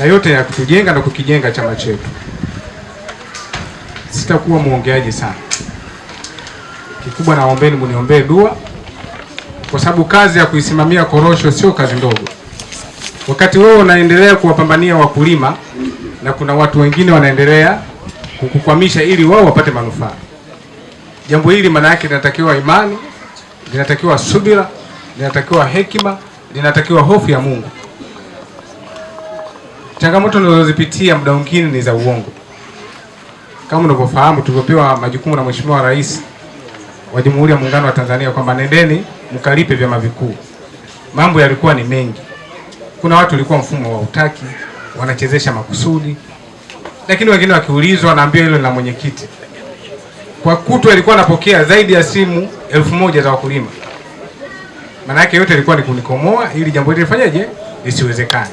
na yote ya kutujenga na kukijenga chama chetu. Sitakuwa mwongeaji sana, kikubwa naombeni muniombee dua, kwa sababu kazi ya kuisimamia korosho sio kazi ndogo. Wakati wewe unaendelea kuwapambania wakulima, na kuna watu wengine wanaendelea kukukwamisha ili wao wapate manufaa. Jambo hili maana yake linatakiwa imani, linatakiwa subira, linatakiwa hekima, linatakiwa hofu ya Mungu changamoto ninazozipitia muda mwingine ni za uongo. Kama unavyofahamu, tulivyopewa majukumu na Mheshimiwa Rais wa Jamhuri ya Muungano wa Tanzania kwamba nendeni mkalipe vyama vikuu, mambo yalikuwa ni mengi. Kuna watu walikuwa mfumo wa utaki, wanachezesha makusudi, lakini wengine wakiulizwa, naambia hilo la mwenyekiti. Kwa kutwa alikuwa anapokea zaidi ya simu elfu moja za wakulima, maana yake yote ilikuwa ni kunikomoa ili jambo hili lifanyaje lisiwezekane.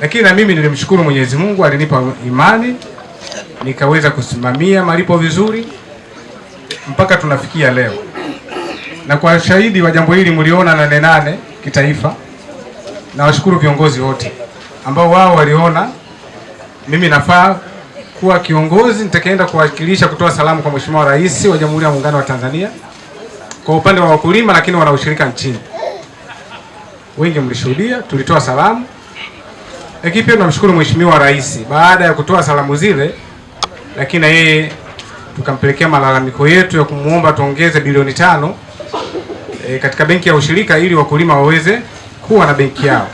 Lakini na mimi nilimshukuru Mwenyezi Mungu, alinipa imani nikaweza kusimamia malipo vizuri mpaka tunafikia leo, na kwa shahidi wa jambo hili mliona Nane Nane kitaifa. Nawashukuru viongozi wote ambao wao waliona mimi nafaa kuwa kiongozi nitakaenda kuwakilisha kutoa salamu kwa Mheshimiwa Rais wa Jamhuri ya Muungano wa Tanzania kwa upande wa wakulima, lakini wanaushirika nchini. Wengi mlishuhudia, tulitoa salamu lakini pia tunamshukuru Mheshimiwa Rais baada ya kutoa salamu zile, lakini na yeye tukampelekea malalamiko yetu ya kumwomba tuongeze bilioni tano e, katika benki ya ushirika ili wakulima waweze kuwa na benki yao.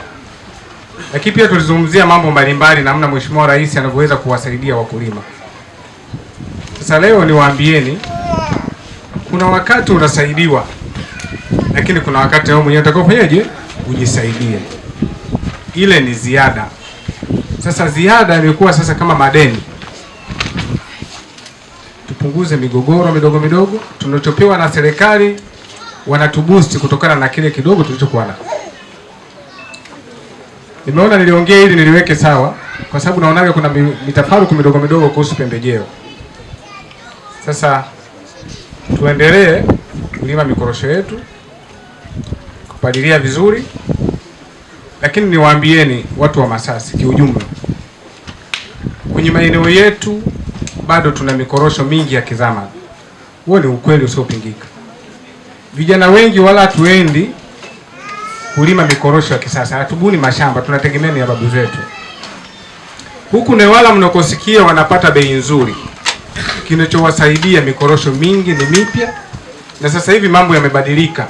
Lakini pia tulizungumzia mambo mbalimbali, namna Mheshimiwa Rais anavyoweza kuwasaidia wakulima. Sasa leo niwaambieni, kuna wakati unasaidiwa, lakini kuna wakati wewe mwenyewe utakao kufanyaje? Ujisaidie ile ni ziada. Sasa ziada imekuwa sasa kama madeni. Tupunguze migogoro midogo midogo, tunachopewa na serikali wanatubusti kutokana na kile kidogo tulichokuwa na Nimeona niliongea ili niliweke sawa, kwa sababu naonaga kuna mitafaruku midogo midogo kuhusu pembejeo. Sasa tuendelee kulima mikorosho yetu, kupalilia vizuri. Lakini niwaambieni watu wa Masasi kiujumla, kwenye maeneo yetu bado tuna mikorosho mingi ya kizama. Huo ni ukweli usiopingika. Vijana wengi wala hatuendi kulima mikorosho ya kisasa, hatubuni mashamba, tunategemea ni ya babu zetu. Huku wala mnakosikia wanapata bei nzuri, kinachowasaidia mikorosho mingi ni mipya, na sasa hivi mambo yamebadilika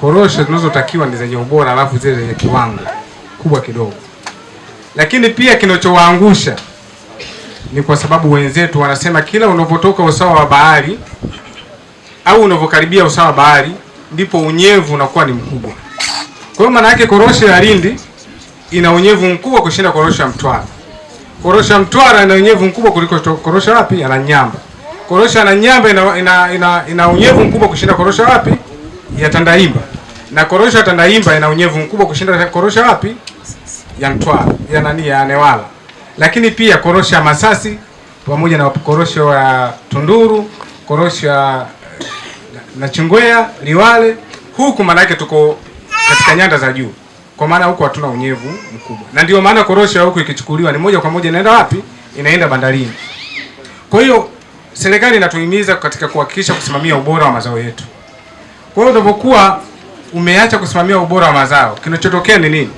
korosho zinazotakiwa ni zenye ubora, alafu zile zenye kiwango kubwa kidogo. Lakini pia kinachowaangusha ni kwa sababu wenzetu wanasema kila unapotoka usawa wa bahari au unapokaribia usawa wa bahari ndipo unyevu unakuwa ni mkubwa. Kwa hiyo maana yake korosho ya Lindi ina unyevu mkubwa kushinda korosho ya Mtwara. Korosho ya Mtwara ina unyevu mkubwa kuliko korosho wapi? Ya Nanyamba. Korosho ya Nanyamba ina, ina, ina, ina unyevu mkubwa kushinda korosho wapi? ya Tandaimba na korosho ya Tandaimba ina unyevu mkubwa kushinda korosho wapi ya Mtwara ya nani ya Newala, lakini pia korosho ya Masasi pamoja na korosho ya Tunduru, korosho ya Nachingwea, Liwale. Huku maana yake tuko katika nyanda za juu, kwa maana huko hatuna unyevu mkubwa, na ndio maana korosho huko ikichukuliwa ni moja kwa moja inaenda wapi? Inaenda bandarini. Kwa hiyo serikali inatuhimiza katika kuhakikisha kusimamia ubora wa mazao yetu. Kwa hiyo unapokuwa umeacha kusimamia ubora wa mazao, kinachotokea ni nini?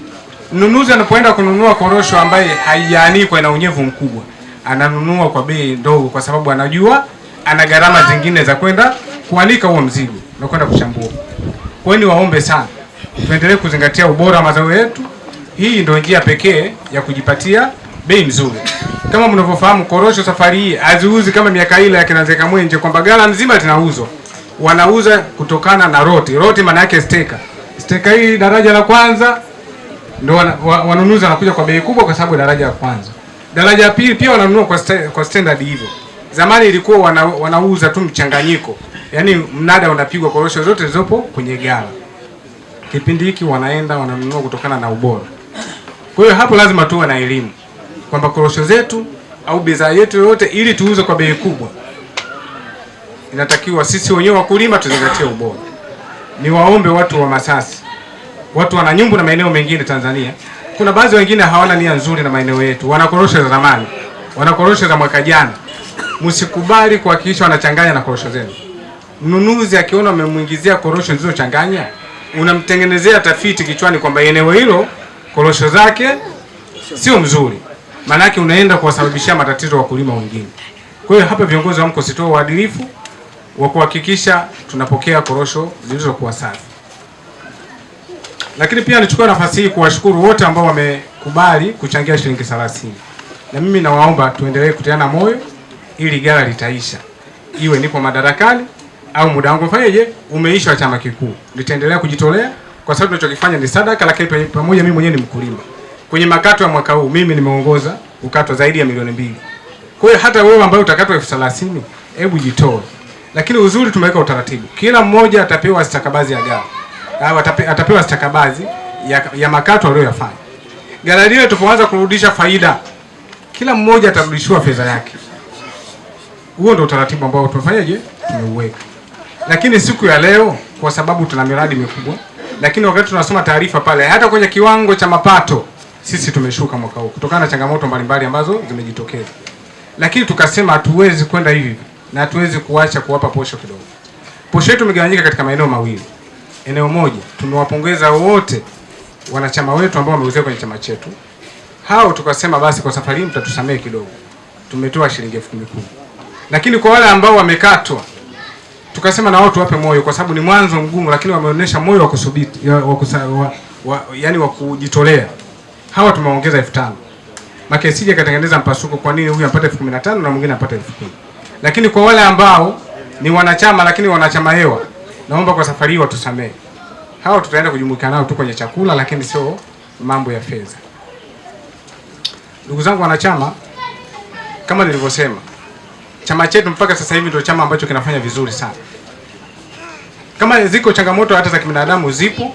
Mnunuzi anapoenda kununua korosho ambaye haijaanikwa, na unyevu mkubwa, ananunua kwa bei ndogo, kwa sababu anajua ana gharama zingine za kwenda kuanika huo mzigo na kwenda kuchambua. Kwa hiyo ni waombe sana, tuendelee kuzingatia ubora wa mazao yetu. Hii ndio njia pekee ya kujipatia bei nzuri. Kama mnavyofahamu, korosho safari hii haziuzi kama miaka ile ya kinazeka Mwenje, kwamba gala nzima zinauzwa wanauza kutokana na roti. Roti maana yake steka. Steka hii daraja la kwanza ndio wanunuzi wanakuja kwa bei kubwa, kwa sababu daraja la kwanza. Daraja pili pia wananunua kwa sta, kwa standard hivyo. Zamani ilikuwa wana, wanauza tu mchanganyiko, yaani mnada unapigwa korosho zote zilizopo kwenye gala. Kipindi hiki wanaenda wananunua kutokana na ubora. Kwa hiyo hapo lazima tuwe na elimu kwamba korosho zetu au bidhaa yetu yoyote, ili tuuze kwa bei kubwa inatakiwa sisi wenyewe wakulima tuzingatie ubora. Niwaombe watu wa Masasi, watu wana nyumbu na maeneo mengine Tanzania, kuna baadhi wengine hawana nia nzuri na maeneo yetu, wanakorosho za zamani, wanakorosho za mwaka jana. Msikubali kuhakikisha wanachanganya na korosho zenu. Mnunuzi akiona amemwingizia korosho zilizochanganya, unamtengenezea tafiti kichwani kwamba eneo hilo korosho zake sio mzuri, maanake unaenda kuwasababishia matatizo wakulima wengine. Kwa hiyo hapa viongozi wamko, sitoa uadilifu wa kuhakikisha tunapokea korosho zilizokuwa safi. Lakini pia nichukue nafasi hii kuwashukuru wote ambao wamekubali kuchangia shilingi 30. Na mimi nawaomba tuendelee kutiana moyo ili ghala litaisha, iwe nipo madarakani au muda wangu fanyeje umeisha wa chama kikuu. Nitaendelea kujitolea kwa sababu tunachokifanya ni sadaka, lakini pamoja mimi mwenyewe ni mkulima. Kwenye makato ya mwaka huu mimi nimeongoza kukatwa zaidi ya milioni mbili. Kwa hiyo hata wewe ambaye utakatwa elfu thelathini, hebu jitoe. Lakini uzuri tumeweka utaratibu, kila mmoja atapewa stakabadhi ya gari, atapewa stakabadhi ya, ya makato aliyoyafanya gari lile. Tupoanza kurudisha faida, kila mmoja atarudishiwa fedha yake. Huo ndio utaratibu ambao tumefanyaje, tumeuweka. Lakini siku ya leo, kwa sababu tuna miradi mikubwa, lakini wakati tunasoma taarifa pale, hata kwenye kiwango cha mapato sisi tumeshuka mwaka huu kutokana na changamoto mbalimbali ambazo zimejitokeza, lakini tukasema hatuwezi kwenda hivi na tuweze kuacha kuwapa posho kidogo. Posho yetu imegawanyika katika maeneo mawili. Eneo moja tumewapongeza wote wanachama wetu ambao wameuzia kwenye chama chetu, hao tukasema basi kwa safari hii mtatusamehe kidogo, tumetoa shilingi elfu kumi kumi. Lakini kwa wale ambao wamekatwa, tukasema na wao tuwape moyo, kwa sababu ni mwanzo mgumu, lakini wameonyesha moyo wa kusubiri wa, wa, wa, yani wa kujitolea. Hawa tumeongeza elfu tano. Makesija katengeneza mpasuko, kwa nini huyu apate elfu kumi na tano na mwingine apate elfu kumi lakini kwa wale ambao ni wanachama lakini wanachama hewa, naomba kwa safari hii watusamee. Hao tutaenda kujumuika nao tu kwenye chakula, lakini sio mambo ya fedha. Ndugu zangu wanachama, kama nilivyosema, chama chetu mpaka sasa hivi ndio chama ambacho kinafanya vizuri sana. Kama ziko changamoto hata za kibinadamu zipo,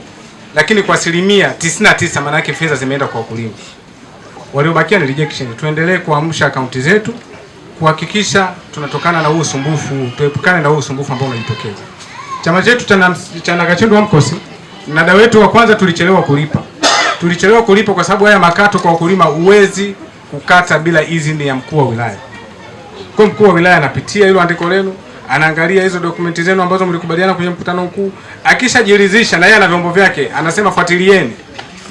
lakini kwa asilimia 99 maana yake fedha zimeenda kwa wakulima. Waliobakia ni rejection. Tuendelee kuamsha akaunti zetu kuhakikisha tunatokana na huu usumbufu, tuepukane na huu usumbufu ambao unajitokeza. Chama chetu cha Nakachindu AMCOS, mnada wetu wa kwanza tulichelewa kulipa. Tulichelewa kulipa kwa sababu haya makato kwa wakulima huwezi kukata bila idhini ya mkuu wa wilaya. Kwa mkuu wa wilaya anapitia hilo andiko lenu, anaangalia hizo dokumenti zenu ambazo mlikubaliana kwenye mkutano mkuu, akishajiridhisha na yeye na vyombo vyake anasema fuatilieni.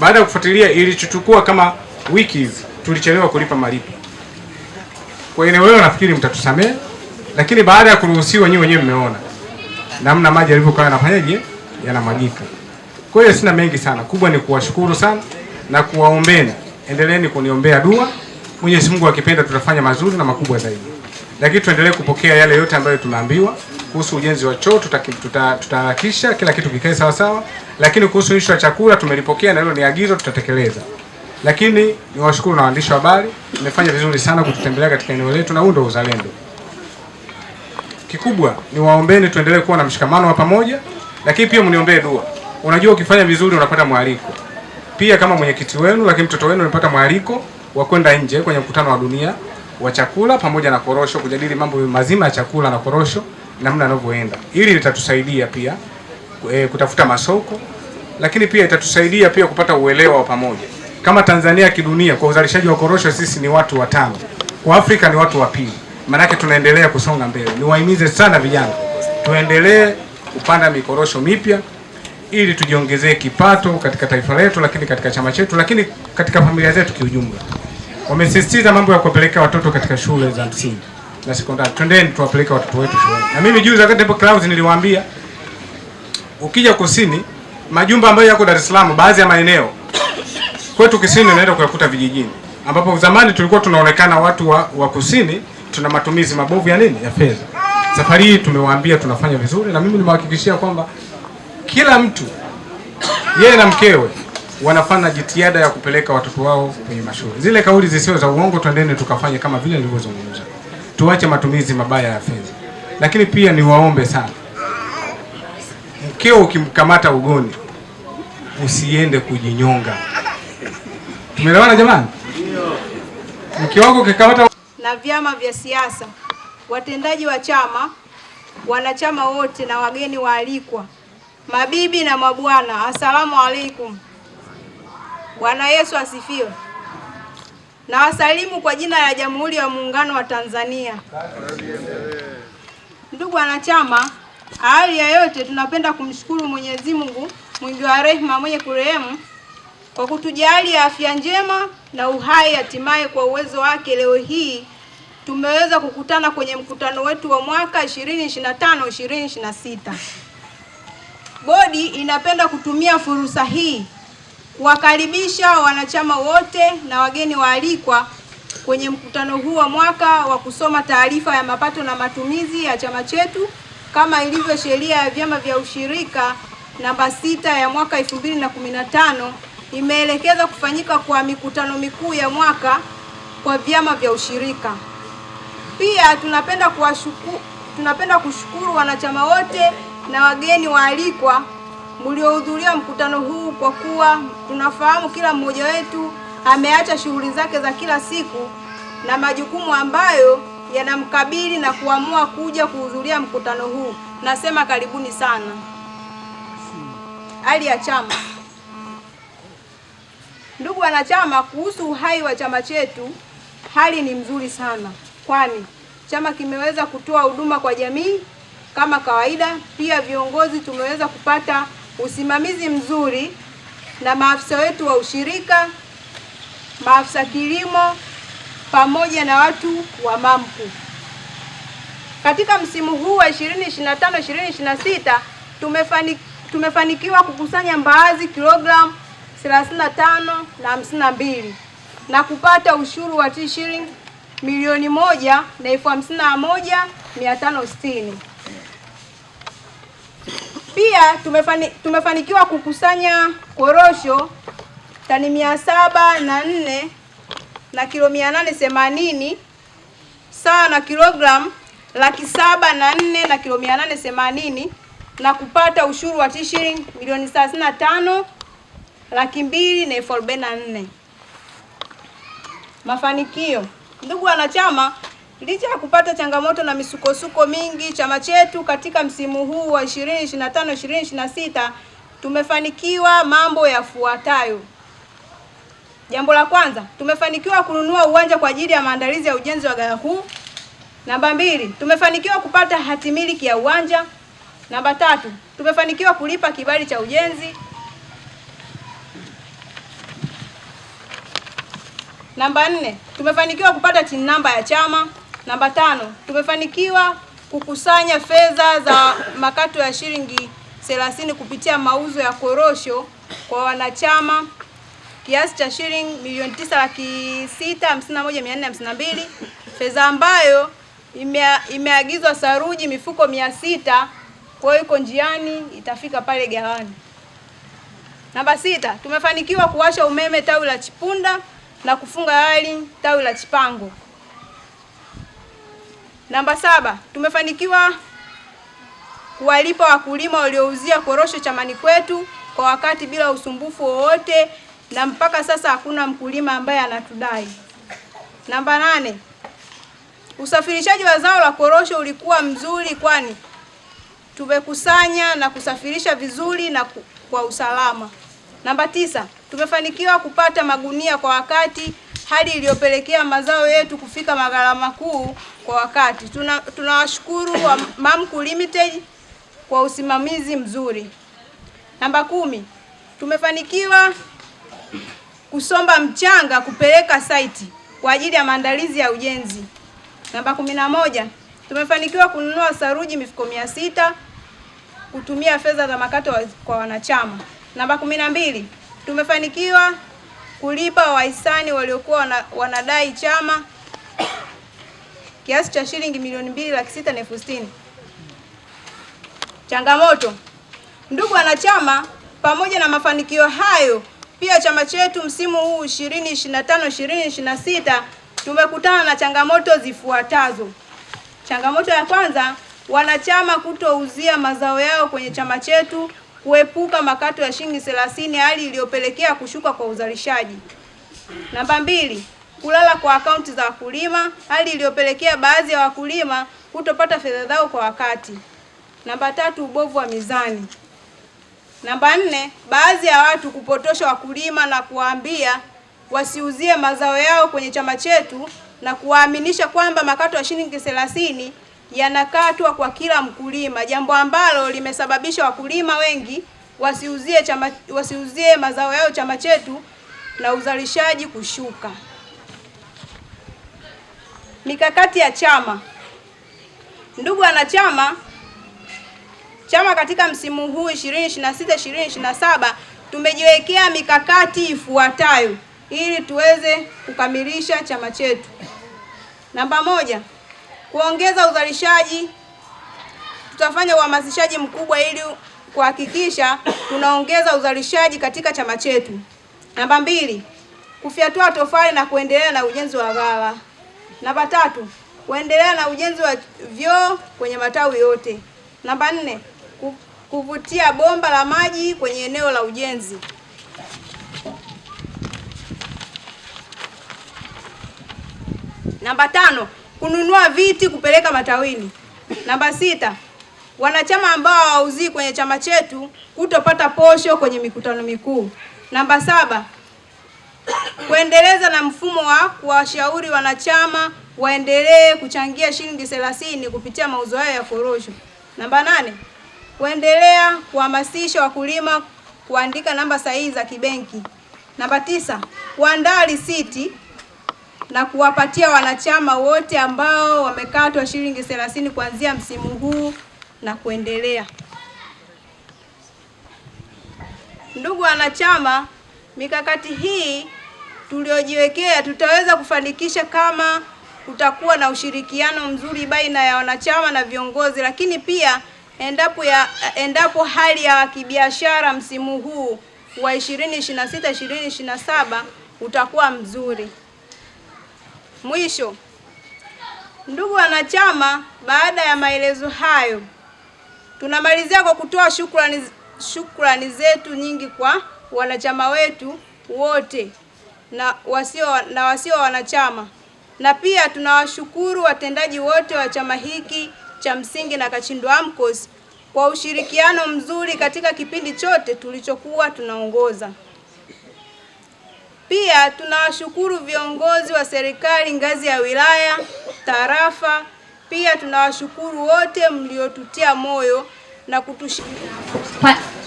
Baada ya kufuatilia, ilichochukua kama wiki hizi tulichelewa kulipa malipo. Kwa hiyo wewe nafikiri mtatusamehe, lakini baada ya kuruhusiwa nyinyi wenyewe mmeona namna maji yalivyokuwa yanafanyaje, yanamwagika. Kwa hiyo sina mengi sana, kubwa ni kuwashukuru sana na kuwaombeni, endeleeni kuniombea dua. Mwenyezi Mungu akipenda tutafanya mazuri na makubwa zaidi, lakini tuendelee kupokea yale yote ambayo tunaambiwa kuhusu ujenzi wa choo. Tutaharakisha tuta, tuta kila kitu kikae sawa sawa, lakini kuhusu ishu ya chakula tumelipokea na hilo ni agizo, tutatekeleza. Lakini niwashukuru na waandishi wa habari, mmefanya vizuri sana kututembelea katika eneo letu, na huu ndio uzalendo. Kikubwa ni waombeni tuendelee kuwa na mshikamano wa pamoja, lakini pia mniombee dua. Unajua, ukifanya vizuri unapata mwaliko pia kama mwenyekiti wenu, lakini mtoto wenu unapata mwaliko wa kwenda nje kwenye mkutano wa dunia wa chakula pamoja na korosho, kujadili mambo mazima ya chakula na korosho, namna anavyoenda. Hili litatusaidia pia e, kutafuta masoko, lakini pia itatusaidia pia kupata uelewa wa pamoja. Kama Tanzania kidunia kwa uzalishaji wa korosho sisi ni watu watano, kwa Afrika ni watu wa pili. Maanake tunaendelea kusonga mbele. Niwahimize sana vijana, tuendelee kupanda mikorosho mipya ili tujiongezee kipato katika taifa letu, lakini katika chama chetu, lakini katika familia zetu kiujumla. Wamesisitiza mambo ya kuwapeleka watoto katika shule za msingi na sekondari. Twendeni tuwapeleke watoto wetu shule. Na mimi juzi wakati hapo Clouds niliwaambia, ukija kusini, majumba ambayo yako Dar es Salaam, baadhi ya maeneo Kwetu Kusini unaenda kuyakuta vijijini, ambapo zamani tulikuwa tunaonekana watu wa, wa Kusini tuna matumizi mabovu ya nini ya fedha. Safari hii tumewaambia tunafanya vizuri, na mimi nimehakikishia kwamba kila mtu yeye na mkewe wanafanya jitihada ya kupeleka watoto wao kwenye mashule. Zile kauli zisizo za uongo, twendeni tukafanye kama vile nilivyozungumza, tuache matumizi mabaya ya fedha. Lakini pia niwaombe sana, mkeo ukimkamata ugoni usiende kujinyonga. Umeelewana jamani? Mke wako kikamata na vyama vya siasa, watendaji wa chama, wanachama wote na wageni waalikwa, mabibi na mabwana, asalamu alaikum. Bwana Yesu asifiwe. Na wasalimu kwa jina la Jamhuri ya Muungano wa Tanzania. Ndugu wanachama, awali ya yote tunapenda kumshukuru Mwenyezi Mungu mwingi wa rehema mwenye kurehemu kwa kutujali afya njema na uhai. Hatimaye, kwa uwezo wake, leo hii tumeweza kukutana kwenye mkutano wetu wa mwaka 2025 2026. Bodi inapenda kutumia fursa hii kuwakaribisha wanachama wote na wageni waalikwa kwenye mkutano huu wa mwaka wa kusoma taarifa ya mapato na matumizi ya chama chetu kama ilivyo sheria ya vyama vya ushirika namba sita ya mwaka 2015 imeelekeza kufanyika kwa mikutano mikuu ya mwaka kwa vyama vya ushirika. Pia tunapenda kuwashukuru, tunapenda kushukuru wanachama wote na wageni waalikwa mliohudhuria mkutano huu, kwa kuwa tunafahamu kila mmoja wetu ameacha shughuli zake za kila siku na majukumu ambayo yanamkabili na kuamua kuja kuhudhuria mkutano huu. Nasema karibuni sana. Hali ya chama Ndugu wanachama, kuhusu uhai wa chama chetu, hali ni mzuri sana, kwani chama kimeweza kutoa huduma kwa jamii kama kawaida. Pia viongozi tumeweza kupata usimamizi mzuri na maafisa wetu wa ushirika, maafisa kilimo, pamoja na watu wa MAMCU. Katika msimu huu wa 2025 2026 tumefanikiwa kukusanya mbaazi kilogramu 35 na 52 na kupata ushuru wa shilingi milioni moja na elfu hamsini na moja mia tano sitini. Pia tumefani, tumefanikiwa kukusanya korosho tani mia saba na nne na kilo mia nane themanini sawa na kilogramu laki saba na nne na kilo mia nane themanini na kupata ushuru wa shilingi milioni thelathini na tano laki mbili na elfu arobaini na nne. Mafanikio. Ndugu wanachama, licha ya kupata changamoto na misukosuko mingi, chama chetu katika msimu huu wa 2025 2026 tumefanikiwa mambo yafuatayo. Jambo la kwanza, tumefanikiwa kununua uwanja kwa ajili ya maandalizi ya ujenzi wa ghala kuu. Namba mbili, tumefanikiwa kupata hatimiliki ya uwanja. Namba tatu, tumefanikiwa kulipa kibali cha ujenzi. Namba nne, tumefanikiwa kupata TIN namba ya chama. Namba tano, tumefanikiwa kukusanya fedha za makato ya shilingi 30 kupitia mauzo ya korosho kwa wanachama kiasi cha shilingi milioni tisa laki sita hamsini na moja mia nne hamsini na mbili fedha ambayo ime, imeagizwa saruji mifuko mia sita kwa hiyo iko njiani itafika pale gawani. Namba sita, tumefanikiwa kuwasha umeme tawi la Chipunda na kufunga hali tawi la Chipango. Namba saba, tumefanikiwa kuwalipa wakulima waliouzia korosho chamani kwetu kwa wakati bila usumbufu wowote, na mpaka sasa hakuna mkulima ambaye anatudai. Namba nane, usafirishaji wa zao la korosho ulikuwa mzuri, kwani tumekusanya na kusafirisha vizuri na kwa usalama. Namba tisa, tumefanikiwa kupata magunia kwa wakati, hali iliyopelekea mazao yetu kufika magharama makuu kwa wakati. Tunawashukuru tuna wa Limited kwa usimamizi mzuri. Namba kumi, tumefanikiwa kusomba mchanga kupeleka saiti kwa ajili ya maandalizi ya ujenzi. Namba kumi na moja, tumefanikiwa kununua saruji mifuko mia sita kutumia fedha za makato kwa wanachama. Namba kumi na mbili, tumefanikiwa kulipa wahisani waliokuwa wana, wanadai chama kiasi cha shilingi milioni mbili laki sita na elfu sitini. Changamoto. Ndugu wanachama, pamoja na mafanikio hayo, pia chama chetu msimu huu 2025 2026 tumekutana na changamoto zifuatazo. Changamoto ya kwanza, wanachama kutouzia mazao yao kwenye chama chetu kuepuka makato ya shilingi thelathini, hali iliyopelekea kushuka kwa uzalishaji. Namba mbili, kulala kwa akaunti za wakulima, hali iliyopelekea baadhi ya wakulima kutopata fedha zao kwa wakati. Namba tatu, ubovu wa mizani. Namba nne, baadhi ya watu kupotosha wakulima na kuwaambia wasiuzie mazao yao kwenye chama chetu na kuwaaminisha kwamba makato ya shilingi thelathini yanakatwa kwa kila mkulima, jambo ambalo limesababisha wakulima wengi wasiuzie chama, wasiuzie mazao yao chama chetu na uzalishaji kushuka. Mikakati ya chama. Ndugu wanachama, chama katika msimu huu 2026 2027 tumejiwekea mikakati ifuatayo ili tuweze kukamilisha chama chetu. Namba moja Kuongeza uzalishaji, tutafanya uhamasishaji mkubwa ili kuhakikisha tunaongeza uzalishaji katika chama chetu. Namba mbili, kufyatua tofali na kuendelea na ujenzi wa ghala. Namba tatu, kuendelea na ujenzi wa vyoo kwenye matawi yote. Namba nne, kuvutia bomba la maji kwenye eneo la ujenzi. Namba tano, kununua viti kupeleka matawini. Namba sita, wanachama ambao hawauzii kwenye chama chetu kutopata posho kwenye mikutano mikuu. Namba saba, kuendeleza na mfumo wa kuwashauri wanachama waendelee kuchangia shilingi thelathini kupitia mauzo hayo ya korosho. Namba nane, kuendelea kuhamasisha wakulima kuandika namba sahihi za kibenki. Namba tisa, kuandaa risiti na kuwapatia wanachama wote ambao wamekatwa shilingi thelathini kuanzia msimu huu na kuendelea. Ndugu wanachama, mikakati hii tuliojiwekea tutaweza kufanikisha kama kutakuwa na ushirikiano mzuri baina ya wanachama na viongozi, lakini pia endapo ya endapo hali ya kibiashara msimu huu wa 2026 2027 utakuwa mzuri. Mwisho, ndugu wanachama, baada ya maelezo hayo, tunamalizia kwa kutoa shukrani, shukrani zetu nyingi kwa wanachama wetu wote na wasio, na wasio wanachama, na pia tunawashukuru watendaji wote wa chama hiki cha msingi na Kachindwa AMCOS kwa ushirikiano mzuri katika kipindi chote tulichokuwa tunaongoza. Pia tunawashukuru viongozi wa serikali ngazi ya wilaya, tarafa. Pia tunawashukuru wote mliotutia moyo na kutushikilia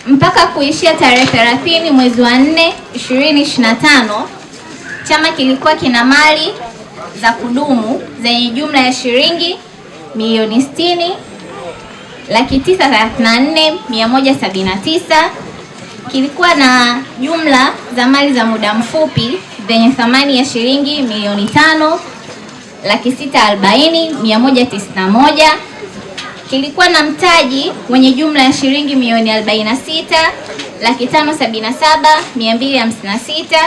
mpaka kuishia tarehe 30 mwezi wa 4 2025. Chama kilikuwa kina mali za kudumu zenye jumla ya shilingi milioni 60 laki tisa kilikuwa na jumla za mali za muda mfupi zenye thamani ya shilingi milioni tano laki sita arobaini mia moja tisini na moja. Kilikuwa na mtaji wenye jumla ya shilingi milioni arobaini na sita laki tano sabini na saba mia mbili hamsini na sita.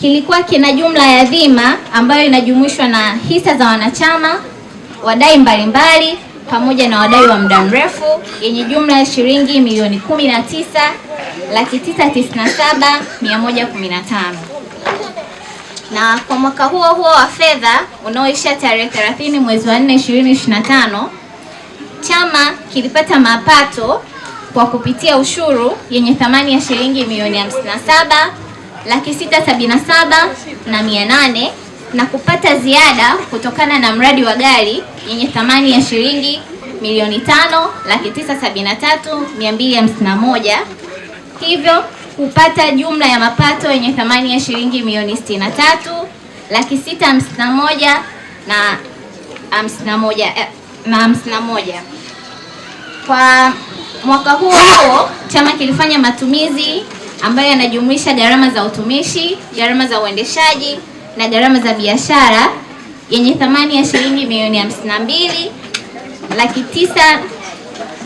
Kilikuwa kina jumla ya dhima ambayo inajumuishwa na hisa za wanachama, wadai mbalimbali pamoja na wadai wa muda mrefu yenye jumla ya shilingi milioni kumi na tisa laki tisa tisini na saba mia moja kumi na tano na kwa mwaka huo huo wa fedha unaoisha tarehe 30 mwezi wa 4 2025, chama kilipata mapato kwa kupitia ushuru yenye thamani ya shilingi milioni 57 laki sita sabini na saba na mia nane na kupata ziada kutokana na mradi wa gari yenye thamani ya shilingi milioni tano laki tisa sabini na tatu mia mbili hamsini na moja hivyo kupata jumla ya mapato yenye thamani ya shilingi milioni sitini na tatu laki sita hamsini na moja na hamsini na moja eh, na hamsini na moja. Kwa mwaka huo huo chama kilifanya matumizi ambayo yanajumuisha gharama za utumishi, gharama za uendeshaji na gharama za biashara yenye thamani ya shilingi milioni hamsini na mbili laki tisa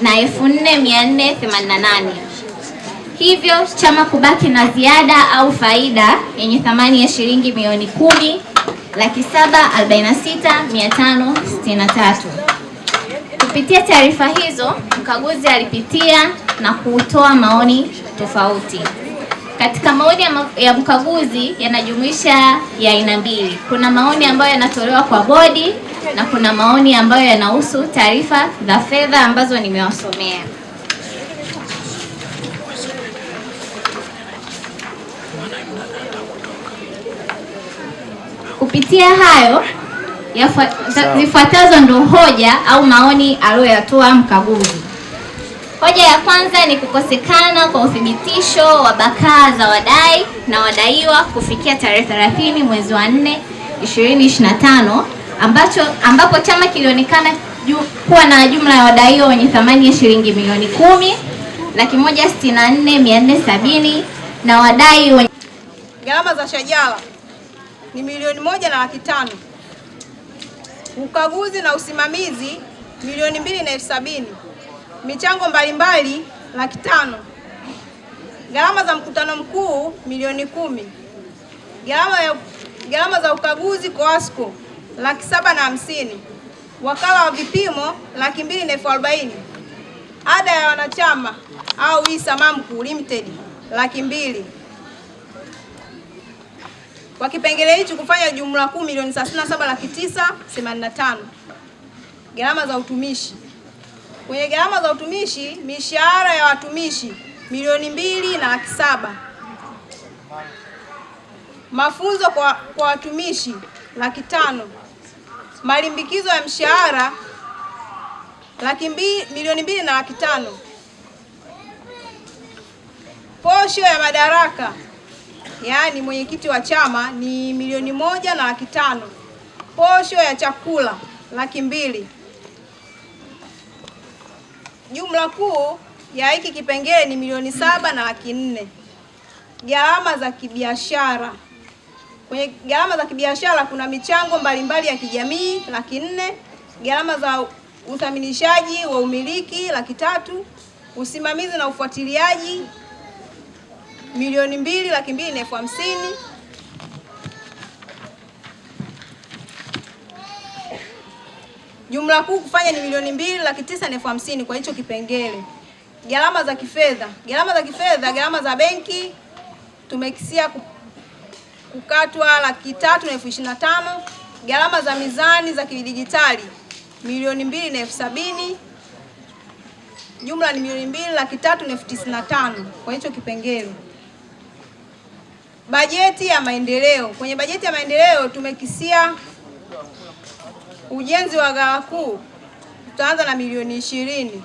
na elfu nne mia nne themanini na nane hivyo chama kubaki na ziada au faida yenye thamani ya shilingi milioni kumi laki saba arobaini na sita mia tano sitini na tatu. Kupitia taarifa hizo, mkaguzi alipitia na kutoa maoni tofauti. Katika maoni ya mkaguzi yanajumuisha ya aina mbili. Kuna maoni ambayo yanatolewa kwa bodi na kuna maoni ambayo yanahusu taarifa za fedha ambazo nimewasomea. Kupitia hayo zifuatazo ndo hoja au maoni aliyoyatoa mkaguzi. Hoja ya kwanza ni kukosekana kwa uthibitisho wa bakaa za wadai na wadaiwa kufikia tarehe 30 mwezi wa 4 2025, ambacho ambapo chama kilionekana kuwa na jumla ya wadaiwa wenye thamani ya shilingi milioni kumi laki moja sitini na nne mia nne sabini na wadai wenye gharama za shajara ni milioni moja na laki tano, ukaguzi na usimamizi milioni mbili na elfu sabini, michango mbalimbali laki tano, gharama za mkutano mkuu milioni kumi, gharama ya gharama za ukaguzi COASCO laki saba na hamsini, wakala wa vipimo laki mbili na elfu arobaini, ada ya wanachama au Isa Mamku Limited laki mbili kwa kipengele hichi kufanya jumla kuu milioni 37,985. Gharama za utumishi. Kwenye gharama za utumishi, mishahara ya watumishi milioni mbili na laki saba, mafunzo kwa, kwa watumishi laki tano, malimbikizo ya mshahara laki mbili, milioni mbili na laki tano, posho ya madaraka yaani mwenyekiti wa chama ni milioni moja na laki tano, posho ya chakula laki mbili. Jumla kuu ya hiki kipengele ni milioni saba na laki nne. Gharama za kibiashara kwenye gharama za kibiashara kuna michango mbalimbali ya kijamii laki nne, gharama za uthaminishaji wa umiliki laki tatu, usimamizi na ufuatiliaji milioni mbili laki mbili na elfu hamsini jumla kuu kufanya ni milioni mbili laki tisa na elfu hamsini kwa hicho kipengele. Gharama za kifedha, gharama za kifedha, gharama za benki tumekisia kukatwa laki tatu na elfu ishirini na tano. Gharama za mizani za kidijitali milioni mbili na elfu sabini jumla ni milioni mbili laki tatu na elfu tisini na tano kwa hicho kipengele. Bajeti ya maendeleo. Kwenye bajeti ya maendeleo tumekisia ujenzi wa gawa kuu, tutaanza na milioni ishirini.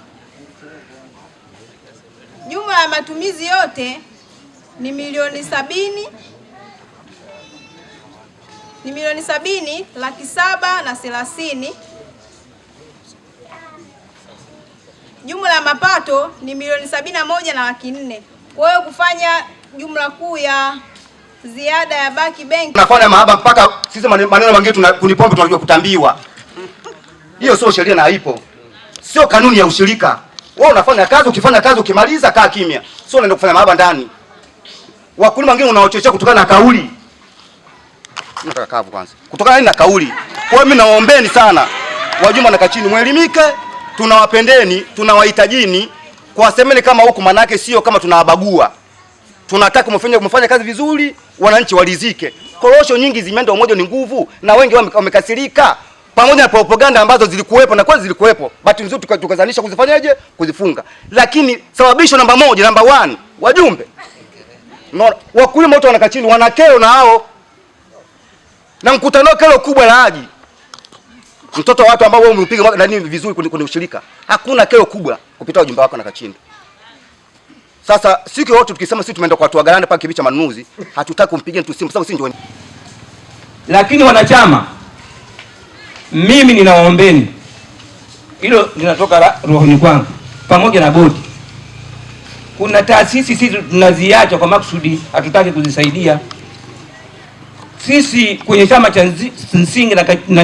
Jumla ya matumizi yote ni milioni sabini ni milioni sabini laki saba na thelathini. Jumla ya mapato ni milioni sabini na moja na laki nne. Kwa hiyo kufanya jumla kuu ya ziada ya baki benki. Tunafanya mahaba mpaka sisi maneno mengine tunakuniponga tunajua kutambiwa. Hiyo sio sheria na haipo. Sio kanuni ya ushirika. Wewe unafanya kazi, ukifanya kazi ukimaliza kaa kimya. Sio unaenda kufanya mahaba ndani. Wakulima wengine unaochochea kutokana na kauli. Nataka kavu kwanza. Kutokana na kauli. Kwa hiyo mimi nawaombeni sana Wajuma na kachini mwelimike, tunawapendeni, tunawahitajini, Kwa semeni kama huku manake sio kama tunawabagua tunataka mfanye mfanye kazi vizuri, wananchi walizike. Korosho nyingi zimeenda Umoja ni Nguvu, na wengi wamekasirika, pamoja na propaganda ambazo zilikuwepo na kweli zilikuwepo, bahati nzuri tukazanisha kuzifanyaje, kuzifunga. Lakini sababisho namba moja, namba one, wajumbe no, wakulima wote wanakaa chini, wanakero na hao na mkutano, kero kubwa la aji mtoto wa watu ambao wao umepiga nani vizuri kwenye ushirika, hakuna kero kubwa kupita wajumbe wako na kachini. Sasa siku yote tukisema sisi tumeenda kwa tuagaranda pale kibicha manunuzi, hatutaki kumpigia mtu simu sababu sisi ndio. Lakini wanachama, mimi ninawaombeni, hilo linatoka rohoni kwangu pamoja na bodi. Kuna taasisi sisi tunaziacha kwa makusudi, hatutaki kuzisaidia. Sisi kwenye chama cha msingi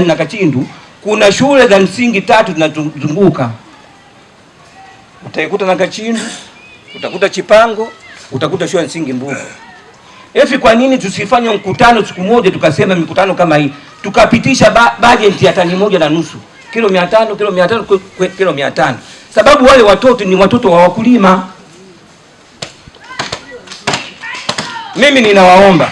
na Kachindu kuna shule za msingi tatu zinazunguka, utaikuta na Kachindu utakuta Chipango, utakuta shule ya msingi Mbugu. Efi, kwa nini tusifanye mkutano siku moja tukasema mikutano kama hii tukapitisha ba bajeti ya tani moja na nusu kilo mia tano kilo mia tano kilo mia tano sababu wale watoto ni watoto wa wakulima. Mimi ninawaomba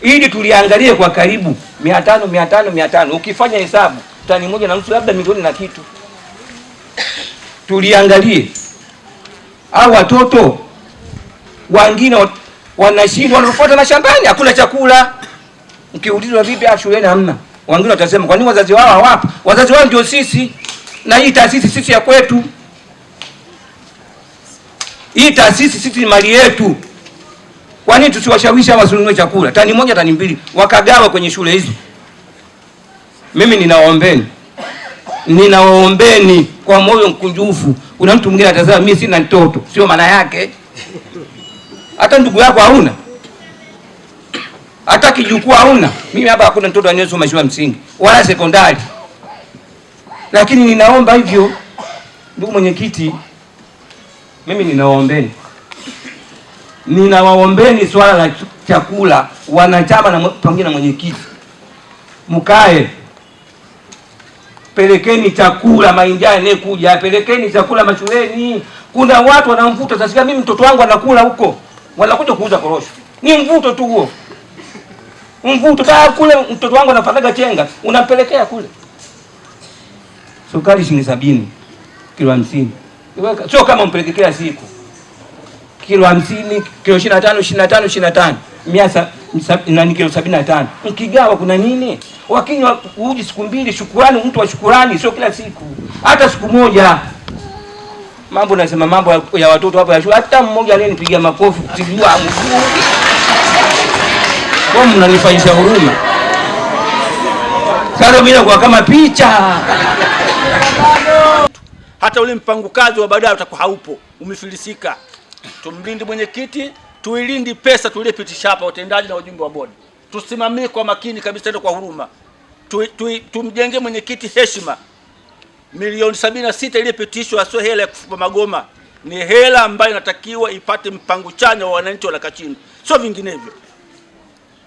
ili tuliangalie kwa karibu, mia tano mia tano mia tano ukifanya hesabu tani moja na nusu labda milioni na kitu, tuliangalie au watoto wengine wanashindwa wanafuata mashambani, hakuna chakula. Ukiulizwa vipi, ah, shuleni hamna. Wengine watasema kwa nini wazazi wao hawapo? Wazazi wao ndio sisi, na hii taasisi sisi ya kwetu, hii taasisi sisi ni mali yetu. Kwa nini tusiwashawishi hawa wasinunue chakula, tani moja tani mbili, wakagawa kwenye shule hizi Mimi ninawaombeni ninawaombeni kwa moyo mkunjufu. Kuna mtu mwingine atasema mimi sina mtoto, sio maana yake. Hata ndugu yako hauna, hata kijukuu hauna. Mimi hapa hakuna mtoto anayesoma shule ya msingi wala sekondari, lakini ninaomba hivyo. Ndugu mwenyekiti, mimi ninawaombeni, ninawaombeni swala la chakula, wanachama pamoja na mwenyekiti, mkae pelekeni chakula maindia kuja pelekeni chakula mashuleni. Kuna watu wanamvuta sasa, mimi mtoto wangu anakula huko, wanakuja kuuza korosho. Ni mvuto tu huo, mvuto kaa kule. Mtoto wangu anafataga chenga, unampelekea kule sukari shilingi sabini, kilo hamsini, sio kama mpeleke kila siku, kilo hamsini, kilo ishirini na tano, ishirini na tano, ishirini na tano, mia nani kilo sabini na tano, mkigawa kuna nini? wakinywa uji siku mbili, shukurani. Mtu wa shukurani sio kila siku, hata siku moja. Mambo nasema mambo ya watoto hapo ya shule, hata mmoja aliyenipigia makofi Kwa mnanifanyisha huruma sasa, mimi nakuwa kama picha. Hata ule mpango kazi wa baadaye utakuwa haupo, umefilisika. Tumlinde mwenyekiti, tuilinde pesa tuliyopitisha hapa, watendaji na wajumbe wa bodi, tusimamie kwa makini kabisa, ndio kwa huruma tu, tu, tumjenge mwenyekiti heshima. Milioni 76 iliyopitishwa sio hela ya kufupa magoma, ni hela ambayo inatakiwa ipate mpango chanya wa wananchi wa Lakachini, sio vinginevyo.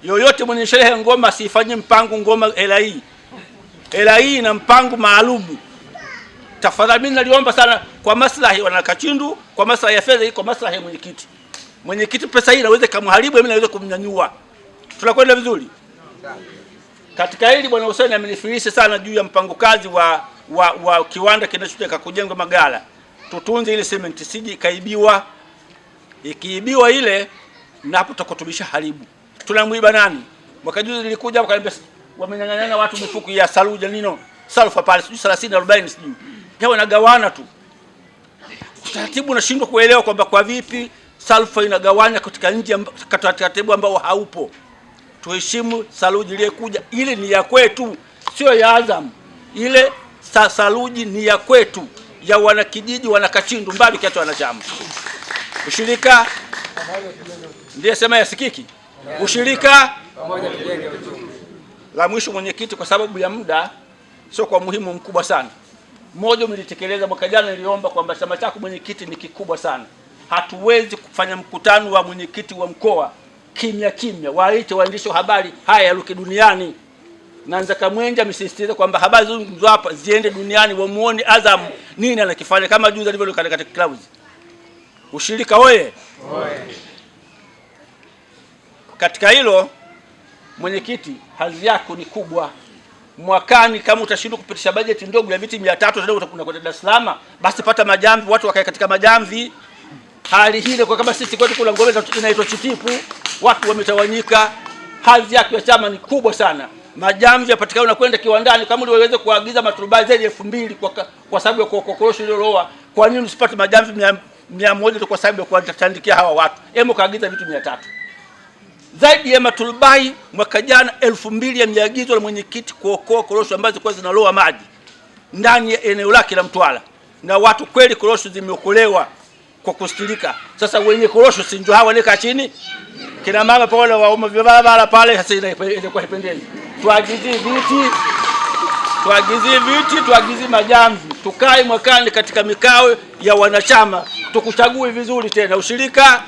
Yoyote mwenye sherehe ngoma asifanyie mpango ngoma hela hii. Hela hii ina mpango maalumu. Tafadhali mimi naliomba sana kwa maslahi ya Lakachindu, kwa maslahi ya fedha hii, kwa maslahi ya mwenyekiti. Mwenyekiti, pesa hii inaweza kumharibu, mimi naweza kumnyanyua. Tunakwenda vizuri? Katika hili Bwana Hussein amenifilisi sana juu ya mpango kazi wa, wa, wa kiwanda kinachotaka kujengwa Magala. Tutunze ile cement siji ikaibiwa, ikiibiwa ile na hapo haribu. Tunamwiba nani? Mwaka juzi nilikuja hapo kaniambia wamenyang'anyana watu mifuko ya saruji nino salfa pale sijui 30 40 sijui. Yao yaani nagawana tu. Utaratibu unashindwa kuelewa kwamba kwa vipi salfa inagawanya katika nje katika taratibu ambao haupo tuheshimu saluji kuja ili ni ya kwetu, sio ya Azam. Ile saluji ni ya kwetu, ya wanakijiji, wanakachindu mbali, kiacho wanachama. Ushirika ndiye sema yasikiki, ushirika la mwisho, mwenyekiti, kwa sababu ya muda, sio kwa muhimu mkubwa sana. mmoja mlitekeleza mwaka jana, niliomba kwamba chama chako mwenyekiti ni kikubwa sana, hatuwezi kufanya mkutano wa mwenyekiti wa mkoa kimya kimya, waite waandishi wa habari haya yaruke duniani. Nanza Kamwenje amesisitiza kwamba habari zilizozungumzwa hapa ziende duniani, wamuone Azam nini anakifanya, kama juzi alivyo katika Clouds. Ushirika oye! Katika hilo mwenyekiti, hazi yako ni kubwa. Mwakani kama utashindwa kupitisha bajeti ndogo ya viti 300 unakwenda Dar es Salaam, basi pata majamvi, watu wakae katika majamvi. Hali hile kwa kama sisi kwetu kula ngome inaitwa chitipu watu wametawanyika. Hadhi yake ya chama ni kubwa sana, majamvi yapatikana na kwenda kiwandani. Kama uliweza kuagiza maturubai zaidi ya elfu mbili kwa, kwa sababu ya korosho iliyoloa, kwa nini usipate majamvi mia, mia moja tu kwa sababu ya kuwatandikia hawa watu? Hebu kaagiza vitu mia tatu zaidi ya maturubai mwaka jana elfu mbili yameagizwa na mwenyekiti kuokoa korosho ambazo zilikuwa zinaloa maji ndani ya eneo lake la Mtwara, na watu kweli korosho zimeokolewa kwa kustilika. Sasa wenye korosho si ndio hawa nika chini kina mama pale wauma vya barabara pale, sasa kwa ipendeni. Tuagizie viti, tuagizi viti, tuagizi majamvi, tukae mwakani katika mikao ya wanachama, tukuchague vizuri tena ushirika